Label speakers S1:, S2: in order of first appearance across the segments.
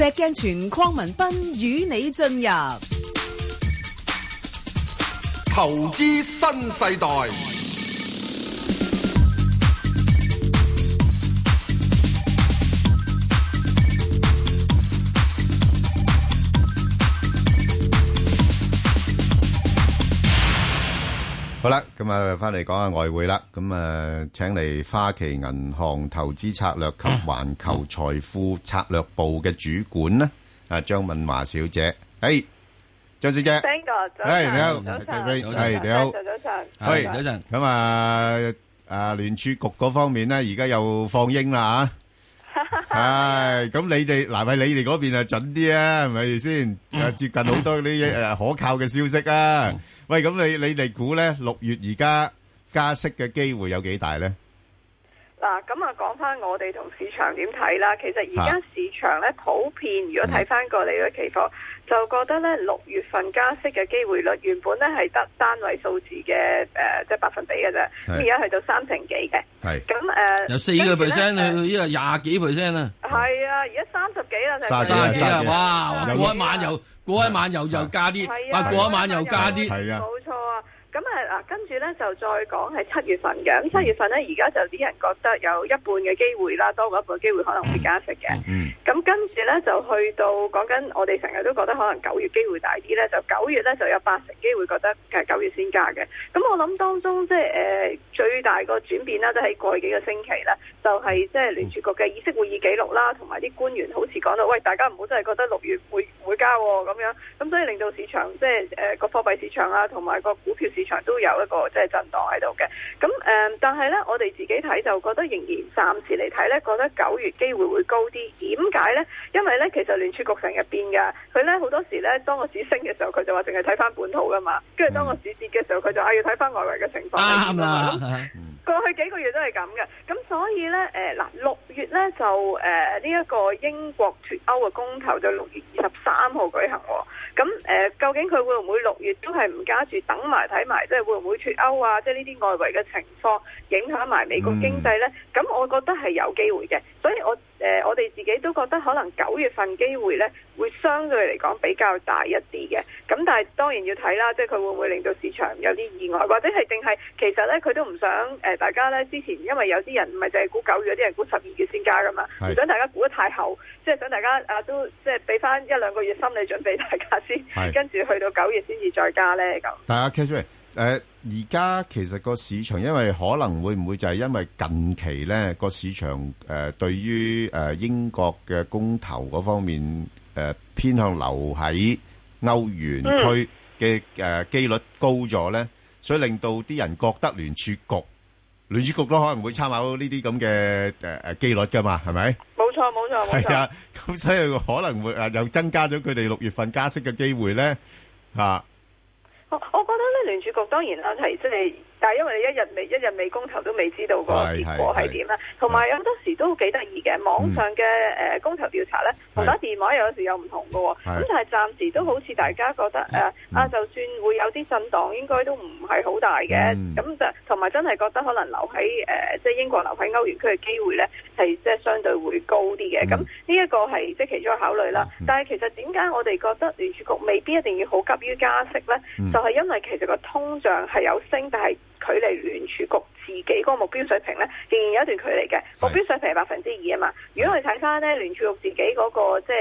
S1: 石鏡泉鄺文斌與你進入
S2: 投資新世代。
S1: 好啦，咁啊，翻嚟講下外匯啦。咁啊，請嚟花旗銀行投資策略及環球財富策劃部嘅主管咧，啊張敏華小姐，誒，張小姐，
S2: 你好，早，係你好，早，係你好，早，早，早，早，
S1: 早，咁啊，啊聯儲局嗰方面咧，而家又放鷹啦啊，係，咁你哋嗱，係你哋嗰邊啊，準啲啊，係咪先？啊，接近好多啲誒可靠嘅消息啊。喂，咁你你哋估咧六月而家加息嘅機會有幾大咧？
S2: 嗱，咁啊，講翻我哋同市場點睇啦。其實而家市場咧普遍，如果睇翻過嚟嗰期貨，就覺得咧六月份加息嘅機會率原本咧係得單位數字嘅，誒、呃，即、就、係、是、百分比嘅啫。而家去到三成幾嘅。係。咁誒、嗯，由四個 percent 去到依個廿幾 percent 啦。係啊，而家三十幾啦，三、就、十、是、幾啊，哇，過一
S1: 晚又。過一晚又又加啲，啊過一晚又加啲。
S2: 咁啊，嗱、嗯，跟住咧就再講係七月份嘅。咁七月份咧，而家就啲人覺得有一半嘅機會啦，多過一半機會可能會加息嘅。咁、嗯嗯嗯、跟住咧就去到講緊，講講我哋成日都覺得可能九月機會大啲咧，就九月咧就有八成機會覺得九月先加嘅。咁、嗯、我諗當中即係誒、呃、最大個轉變啦，都係過去幾個星期啦，就係即係聯儲局嘅議息會議記錄啦，同埋啲官員好似講到，喂，大家唔好真係覺得六月會會加喎、哦、咁樣，咁所以令到市場即係誒個貨幣市場啊，同埋個股票市場。都有一個即係震盪喺度嘅，咁、嗯、誒，但係呢，我哋自己睇就覺得仍然暫時嚟睇呢，覺得九月機會會高啲。點解呢？因為呢，其實聯儲局成日變噶，佢呢好多時呢，當個市升嘅時候，佢就話淨係睇翻本土噶嘛，跟住當個市跌嘅時候，佢就話啊要睇翻外圍嘅情況。啱啦、啊。 過去幾個月都係咁嘅，咁所以呢，誒、呃、嗱，六月呢就誒呢一個英國脱歐嘅公投就六月二十三號舉行喎，咁誒、呃、究竟佢會唔會六月都係唔加住等埋睇埋，即係會唔會脱歐啊？即係呢啲外圍嘅情況影響埋美國經濟呢？咁、嗯、我覺得係有機會嘅，所以我。誒、呃，我哋自己都覺得可能九月份機會咧會相對嚟講比較大一啲嘅，咁但係當然要睇啦，即係佢會唔會令到市場有啲意外，或者係定係其實咧佢都唔想誒，大家咧之前因為有啲人唔係淨係估九月，有啲人估十二月先加噶嘛，唔是想大家估得太厚，即係想大家啊都即係俾翻一兩個月心理準備大家先，是跟住去到九月先至再加咧咁。
S1: 大家 catch 誒，而家其實個市場，因為可能會唔會就係因為近期咧個市場誒，對於誒英國嘅公投嗰方面誒，偏向留喺歐元區嘅誒機率高咗咧，所以令到啲人覺得聯儲局聯儲局都，可能會參考呢啲咁嘅誒誒機率噶嘛，係咪？冇
S2: 錯，冇錯，
S1: 冇錯。係啊，咁所以可能會誒又增加咗佢哋六月份加息嘅機會咧，吓。
S2: 主角當然啦，係即係。但係因為你一日未一日未公投都未知道個結果係點啦，同埋有好多時都幾得意嘅網上嘅誒、呃、公投調查咧，同打電話有時又唔同㗎喎。咁是、嗯、但係暫時都好似大家覺得誒、呃、啊，就算會有啲震盪，應該都唔係好大嘅。咁就同埋真係覺得可能留喺誒、呃、即係英國留喺歐元區嘅機會咧，係即係相對會高啲嘅。咁呢一個係即係其中嘅考慮啦。嗯、但係其實點解我哋覺得聯儲局未必一定要好急於加息咧、嗯？就係、是、因為其實個通脹係有升，但係距離聯儲局自己嗰個目標水平咧，仍然有一段距離嘅。目標水平係百分之二啊嘛。如果我哋睇翻咧，聯儲局自己嗰、嗰個即係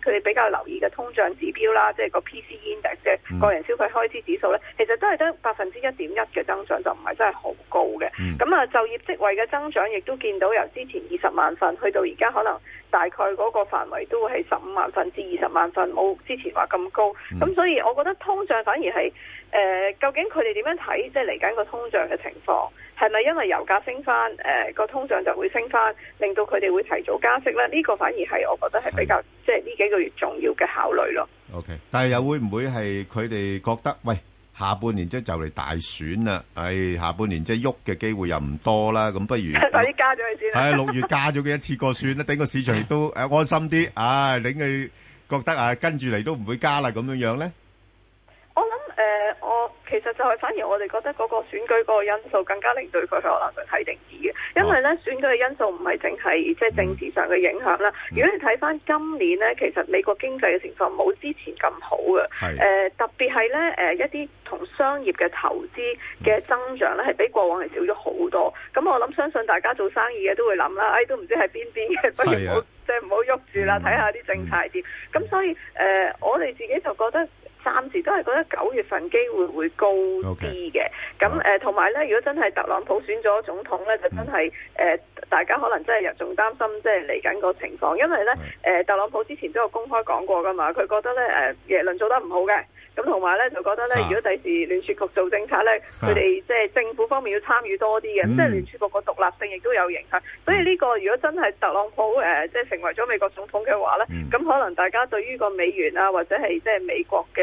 S2: 誒，佢哋、呃、比較留意嘅通脹指標啦，即係個 PCE index、嗯、即係個人消費開支指數咧，其實都係得百分之一點一嘅增長，就唔係真係好高嘅。咁啊、嗯，就業職位嘅增長亦都見到由之前二十萬份去到而家可能。大概嗰個範圍都會係十五萬份至二十萬份，冇之前話咁高。咁所以我覺得通脹反而係誒、呃，究竟佢哋點樣睇？即係嚟緊個通脹嘅情況係咪因為油價升翻？誒、呃、個通脹就會升翻，令到佢哋會提早加息咧？呢、這個反而係我覺得係比較的即係呢幾個月重要嘅考慮咯。
S1: OK，但係又會唔會係佢哋覺得喂？下半年即係就嚟大選啦，唉、哎，下半年即係喐嘅機會又唔多啦，咁不如 我依加咗
S2: 佢先。係啊、 哎，六月加
S1: 咗佢一次過算啦，等個市場亦都誒安心啲，唉、哎，令佢覺得啊跟住嚟都唔會加啦，咁樣樣咧。
S2: 其實就係反而我哋覺得嗰個選舉嗰個因素更加令對佢可能嗱睇定義嘅，因為咧選舉嘅因素唔係淨係即係政治上嘅影響啦。嗯、如果你睇翻今年咧，其實美國經濟嘅情況冇之前咁好嘅，誒的、呃、特別係咧誒一啲同商業嘅投資嘅增長咧係比過往係少咗好多。咁我諗相信大家做生意嘅都會諗啦，誒、哎、都唔知係邊啲，不如唔好即係唔好喐住啦，睇下啲政策點。咁、嗯嗯、所以誒、呃、我哋自己就覺得。暫時都係覺得九月份機會會高啲嘅，咁誒同埋咧，如果真係特朗普選咗總統咧，就真係誒、呃，大家可能真係又仲擔心，即係嚟緊個情況，因為咧誒的、呃，特朗普之前都有公開講過噶嘛，佢覺得咧誒、呃，耶倫做得唔好嘅。咁同埋咧，就覺得咧，如果第時聯儲局做政策咧，佢哋即係政府方面要參與多啲嘅，嗯、即係聯儲局個獨立性亦都有影響。嗯、所以呢、這個如果真係特朗普誒，即、呃、係成為咗美國總統嘅話咧，咁、嗯、可能大家對於個美元啊，或者係即係美國嘅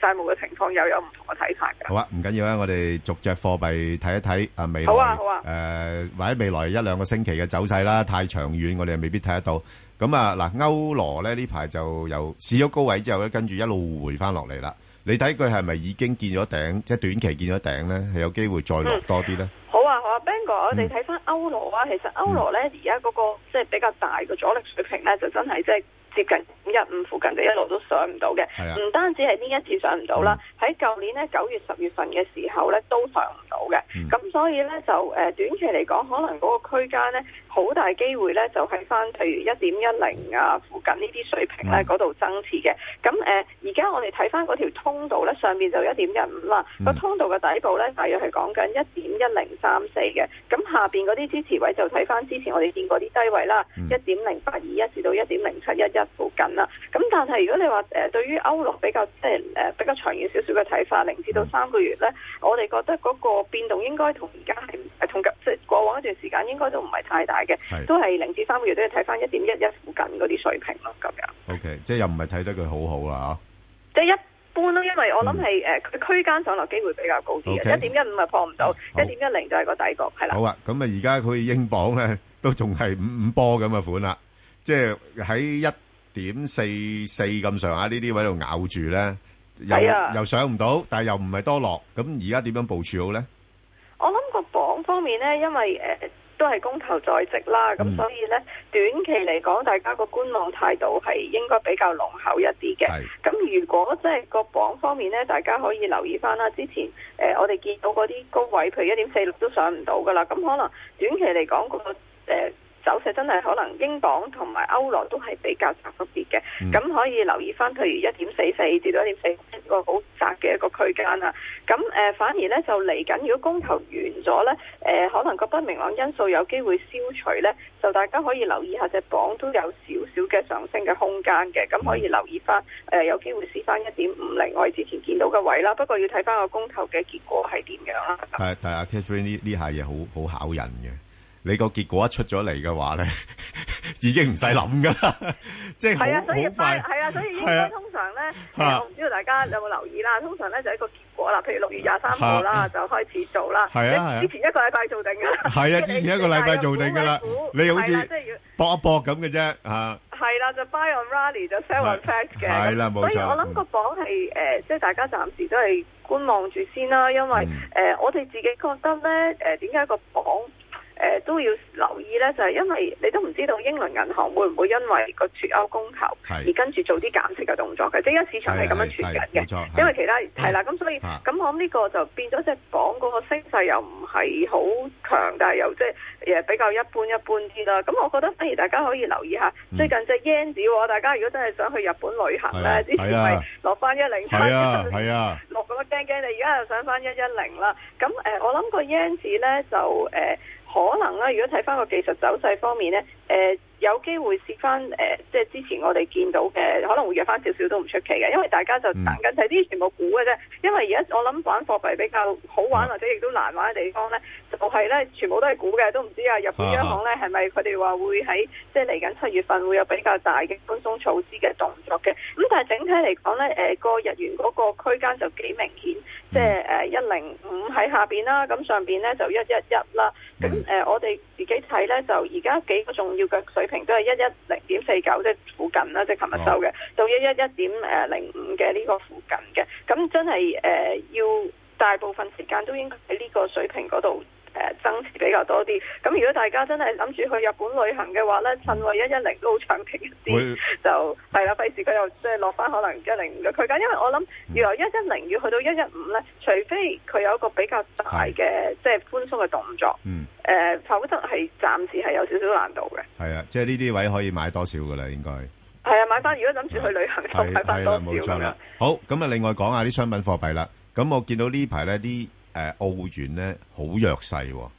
S2: 債務嘅情況又有唔同嘅睇法嘅、啊啊啊啊。好啊，唔
S1: 緊要啦，我哋逐隻貨幣睇一睇啊，未好啊好啊誒，或者未來一兩個星期嘅走勢啦，太長遠我哋未必睇得到。咁啊嗱，歐羅呢，呢排就由試咗高位之後咧，跟住一路回翻落嚟啦。你睇佢係咪已經見咗頂，即係短期見咗頂咧，係有機會再落多啲咧、嗯？
S2: 好啊，好啊，Bang 哥，我哋睇翻歐羅啊，其實歐羅咧而家嗰個即係、就是、比較大嘅阻力水平咧，就真係即係。就是接近一點一五附近，就一路都上唔到嘅。唔的單止係呢一次上唔到啦，喺舊、嗯、年咧九月十月份嘅時候咧，都上唔到嘅。咁、嗯、所以咧就誒短期嚟講，可能嗰個區間咧好大機會咧、啊，就喺翻譬如一點一零啊附近呢啲水平咧嗰度增持嘅。咁誒而家我哋睇翻嗰條通道咧，上邊就一點一五啦，個、嗯、通道嘅底部咧，大約係講緊一點一零三四嘅。咁下邊嗰啲支持位就睇翻之前我哋見過啲低位啦，一點零八二一至到一點零七一一，附近啦，咁但係如果你話誒、呃、對於歐羅比較即係誒比較長遠少少嘅睇法，零至到三個月咧，嗯、我哋覺得嗰個變動應該同而家係誒同即係過往一段時間應該都唔係太大嘅，是都係零至三個月都要睇翻一點一一附近嗰啲水平咯，咁樣。
S1: O、okay, K，即係又唔係睇得佢好好啦，啊、
S2: 即係一般咯，因為我諗係誒區間上落機會比較高啲嘅，一點一五啊破唔到，一點一零就係好個底角。係啦。
S1: 好啊，咁啊而家佢英鎊咧都仲係五五波咁嘅款啦，即係喺一。點四四咁上下呢啲位度咬住呢，又又上唔到，但係又唔係多落，咁而家點樣部署好呢？
S2: 我諗個鎊方面呢，因為誒都係公投在即啦，咁所以呢，短期嚟講，大家個觀望態度係應該比較濃厚一啲嘅。咁如果即係個鎊方面呢，大家可以留意返啦。之前誒我哋見到嗰啲高位，譬如一點四六都上唔到噶啦，咁可能短期嚟講個誒。走勢真係可能英鎊同埋歐羅都係比較窄嗰啲嘅，咁、嗯、可以留意翻，譬如一點四四跌到一點四，一個好窄嘅一個區間啦。咁誒、呃，反而咧就嚟緊，如果公投完咗咧，誒、呃、可能個不明朗因素有機會消除咧，就大家可以留意下隻鎊都有少少嘅上升嘅空間嘅，咁可以留意翻誒、呃、有機會試翻一點五零，我哋之前見到嘅位啦。不過要睇翻個公投嘅結果係點樣啦。
S1: 係，但係阿 Katherine 呢呢下嘢好好考人嘅。你個結果一出咗嚟嘅話咧，已經唔使諗噶啦，
S2: 即係好快。係啊，所以應該通常咧，我唔知道大家有冇留意啦。通常咧就一個結果啦，譬如六月廿三號啦，就開始做啦。係啦，之前一個禮拜做定噶。係啊，之前一個禮拜做定噶啦。你好似
S1: 搏一搏咁嘅啫，吓。
S2: 係啦，就 buy on rally 就 sell on facts 嘅。係啦，冇錯。所以我諗個榜係誒，即係大家暫時都係觀望住先啦，因為誒我哋自己覺得咧，誒點解個榜？誒、呃、都要留意咧，就係、是、因為你都唔知道英倫銀行會唔會因為個脱歐供求是而跟住做啲減息嘅動作嘅，即係而家市場係咁樣揣緊嘅。是是因為其他係啦，咁、嗯嗯、所以咁我諗呢個就變咗即係講嗰個升勢又唔係好強，但係又即係誒比較一般一般啲啦。咁我覺得反而、哎、大家可以留意下、嗯、最近隻 yen 子，大家如果真係想去日本旅行咧，啊、之前係落翻一零七，啊，係啊，落咁多驚驚，你而家又想翻一一零啦。咁誒，我諗個 yen 子咧就誒。10, 可能咧，如果睇翻個技術走勢方面呢，誒、呃、有機會試翻誒、呃，即係之前我哋見到嘅，可能會弱翻少少都唔出奇嘅，因為大家就等緊睇啲全部估嘅啫。因為而家我諗玩貨幣比較好玩或者亦都難玩嘅地方呢，就係、是、呢，全部都係估嘅，都唔知啊。日本央行呢，係咪佢哋話會喺即係嚟緊七月份會有比較大嘅寬鬆、鬆措施嘅動作嘅？咁但係整體嚟講呢，誒、呃、個日元嗰個區間就幾明顯，即係一零五喺下邊啦，咁上邊呢，就一一一啦。咁誒，嗯、我哋自己睇咧，就而家幾個重要嘅水平都係一一零點四九，即係附近啦，即係琴日收嘅到一一一點誒零五嘅呢個附近嘅，咁真係誒、呃、要大部分時間都應該喺呢個水平嗰度。誒，增持比較多啲。咁如果大家真係諗住去日本旅行嘅話咧，趁位一一零都好長期一啲，會就係啦，費事佢又即係落翻可能一零嘅區間。因為我諗，由一一零要去到一一五咧，除非佢有一個比較大嘅即係寬鬆嘅動作，誒、嗯，否則係暫時係有少少難度嘅。
S1: 係啊，即係呢啲位可以買多少噶啦，應該
S2: 係啊，買翻。如果諗住去旅行，就買翻多少
S1: 啦。好，咁啊，另外講下啲商品貨幣啦。咁我見到呢排咧啲。誒澳元，uh，咧好弱勢喎，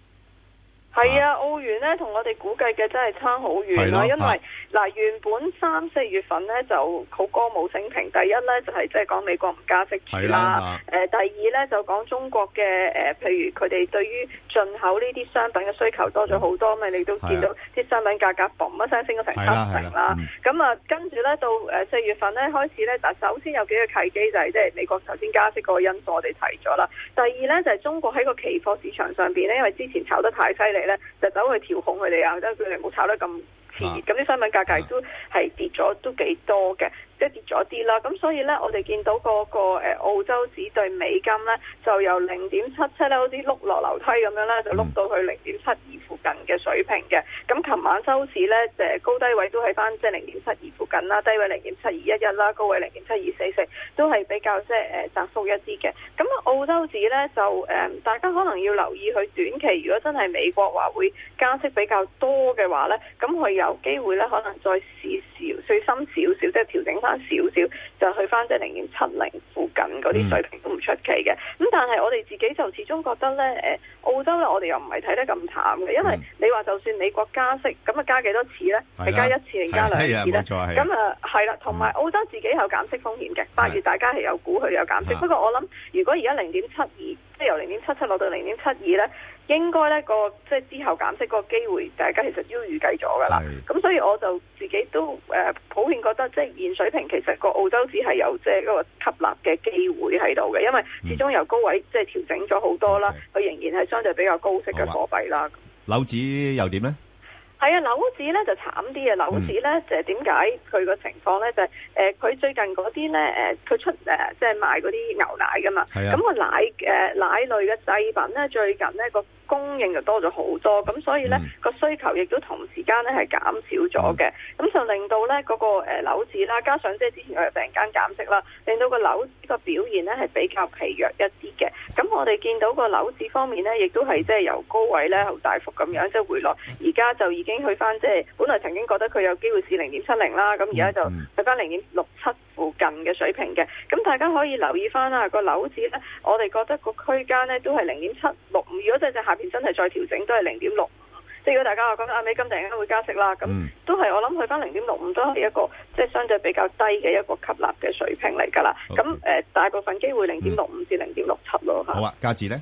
S2: 係啊。咧同我哋估計嘅真係差好遠啦，的因為嗱、啊、原本三四月份咧就好歌舞升平，第一咧就係即係講美國唔加息啦，誒的第二咧就講中國嘅誒、呃，譬如佢哋對於進口呢啲商品嘅需求多咗好多，咪、嗯、你都見到啲的商品價格嘣一聲升咗成七成啦，咁啊了、嗯、跟住咧到誒四月份咧開始咧，嗱首先有幾個契機就係即係美國頭先加息個因素我哋提咗啦，第二咧就係、是、中國喺個期貨市場上邊咧，因為之前炒得太犀利咧，就走去。調控佢哋啊，即係佢哋冇炒得咁。咁啲商品價格都係跌咗，都幾多嘅，即係跌咗啲啦。咁所以呢，我哋見到嗰、嗰個誒澳洲指對美金呢，就由零點七七咧好似碌落樓梯咁樣咧，就碌到去零點七二附近嘅水平嘅。咁琴晚收市呢，誒高低位都係翻即係零點七二附近啦，低位零點七二一一啦，高位零點七二四四，都係比較即係誒窄縮一啲嘅。咁澳洲指呢，就誒、呃，大家可能要留意佢短期，如果真係美國話會加息比較多嘅話呢。咁佢。有機會咧，可能再試少、再深少少，即係調整翻少少，就去翻即係零點七零附近嗰啲水平都唔出奇嘅。咁、嗯、但係我哋自己就始終覺得咧，誒澳洲咧，我哋又唔係睇得咁淡嘅，因為你話就算美國加息，咁啊加幾多次咧？係的加一次定加兩次咧？咁啊係啦，同埋澳洲自己有減息風險嘅。八的月大家係有估佢有減息，的不過我諗如果而家零點七二，即係由零點七七落到零點七二咧。應該咧個即係之後減息嗰個機會，大家其實都預計咗㗎啦。咁係。所以我就自己都誒普遍覺得即係現水平其實個澳洲紙係有即係嗰個吸納嘅機會喺度嘅，因為始終由高位即係調整咗好多啦，佢、嗯 okay。仍然係相對比較高息嘅貨幣啦。
S1: 紐紙又點咧？
S2: 係啊，紐紙咧就慘啲、嗯、啊！紐紙咧就點解佢個情況咧？就係誒佢最近嗰啲咧誒佢出誒即係賣嗰啲牛奶㗎嘛。咁個奶誒奶類嘅製品咧最近呢個。供應就多咗好多，咁所以呢個、嗯、需求亦都同時間呢係減少咗嘅，咁、嗯、就令到呢、那、嗰個誒樓市啦，加上即係之前突然間減息啦，令到個樓市個表現呢係比較疲弱一啲嘅。咁我哋見到個樓市方面呢，亦都係即係由高位呢好大幅咁樣即係、就是、回落，而家就已經去翻即係本來曾經覺得佢有機會是零點七零啦，咁而家就去翻零點六七附近嘅水平嘅。咁大家可以留意翻啦，個樓市呢，我哋覺得個區間呢都係零點七六，如果再就真係再調整都係零點六，即係如果大家話覺得阿美金突然間會加息啦，咁、嗯、都係我諗去翻零點六五都係一個即係相對比較低嘅一個吸納嘅水平嚟噶啦。咁誒好、呃，大部分機會零點六五至零點六七咯，吓。
S1: 好啊，加紙呢？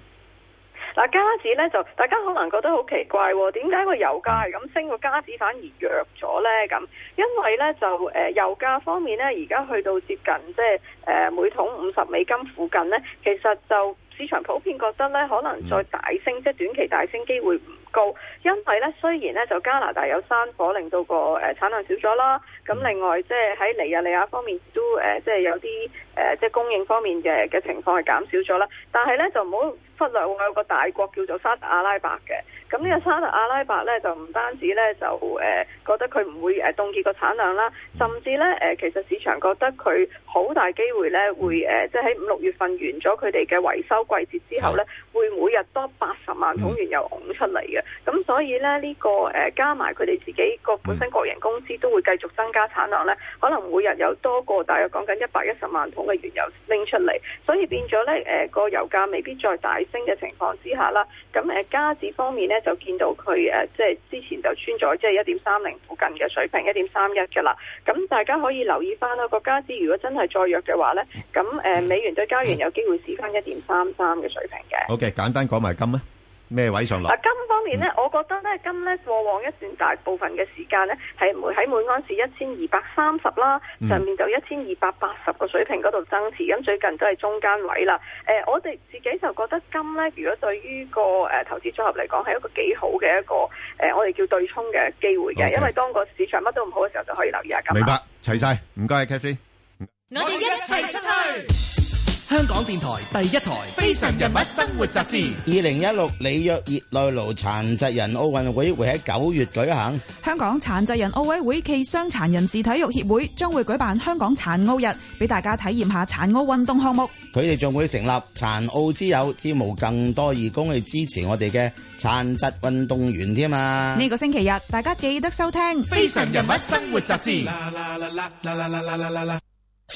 S2: 嗱加紙呢就大家可能覺得好奇怪，點解個油價係咁升個加紙反而弱咗呢？咁因為呢，就誒、呃，油價方面呢，而家去到接近即係誒、呃、每桶五十美金附近呢，其實就。市場普遍覺得咧，可能再大升，嗯、即係短期大升機會唔高，因為咧雖然咧就加拿大有山火令到個誒產量少咗啦，咁另外即係喺尼日利亞方面都誒即係有啲誒即係供應方面嘅嘅情況係減少咗啦，但係咧就唔好忽略我有個大國叫做沙特阿拉伯嘅，咁呢個沙特阿拉伯咧就唔單止咧就誒覺得佢唔會誒凍結個產量啦，甚至咧誒其實市場覺得佢好大機會咧會誒即係喺五六月份完咗佢哋嘅維修季節之後咧會每日多八十萬桶原油湧出嚟嘅。咁所以咧，呢個誒加埋佢哋自己個本身國營公司都會繼續增加產量咧，可能每日有多個大約講緊一百一十萬桶嘅原油拎出嚟，所以變咗咧誒個油價未必再大升嘅情況之下啦。咁誒加紙方面咧就見到佢誒即係之前就穿咗即係一點三零附近嘅水平，一點三一嘅啦。咁大家可以留意翻啦，個加紙如果真係再弱嘅話咧，咁誒美元對加元有機會試翻一點三三嘅水平嘅。
S1: 好嘅，簡單講埋金咧。咩位上落？啊，
S2: 金方面咧，我覺得咧，金咧過往一段大部分嘅時間咧，係唔會喺每盎司一千二百三十啦，上、嗯、面就一千二百八十個水平嗰度增持。咁、嗯、最近都係中間位啦。誒、呃，我哋自己就覺得金咧，如果對於個誒、呃、投資組合嚟講，係一個幾好嘅一個誒、呃，我哋叫對沖嘅機會嘅。Okay. 因為當個市場乜都唔好嘅時候，就可以留意下金。明白，
S1: 齊晒，唔該，Cathy。
S2: 我哋一齊出去。香港電台第一台《非常人物生活雜誌》。
S1: 二零一六里約熱內盧殘疾人奧運會會喺九月舉行。
S2: 香港殘疾人奧委會暨傷殘人士體育協會將會舉辦香港殘奧日，俾大家體驗下殘奧運動項目。
S1: 佢哋仲會成立殘奧之友，招募更多義工去支持我哋嘅殘疾運動員添啊，
S2: 呢個星期日，大家記得收聽《非常人物
S1: 生活雜誌》。